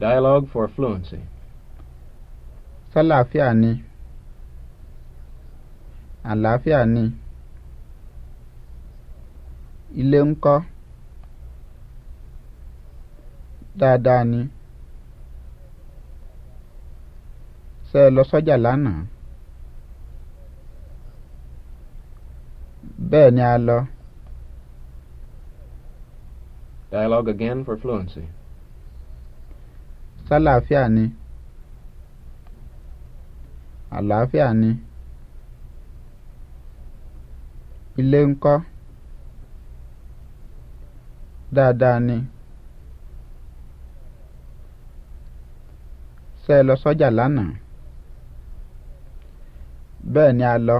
Dialogue for fluency. Sálàáfíà ni. Àlàáfíà ni. Ilé ńkọ́. ni. Ṣé lọ sọ́jà lánàá? Bẹ́ẹ̀ ni a Dialogue again for fluency. sálàáfíà ni àlàáfíà ni ilé ńkọ́ dáadáa ni ṣé ẹ lọ sọ́jà lánàá bẹ́ẹ̀ ni a lọ.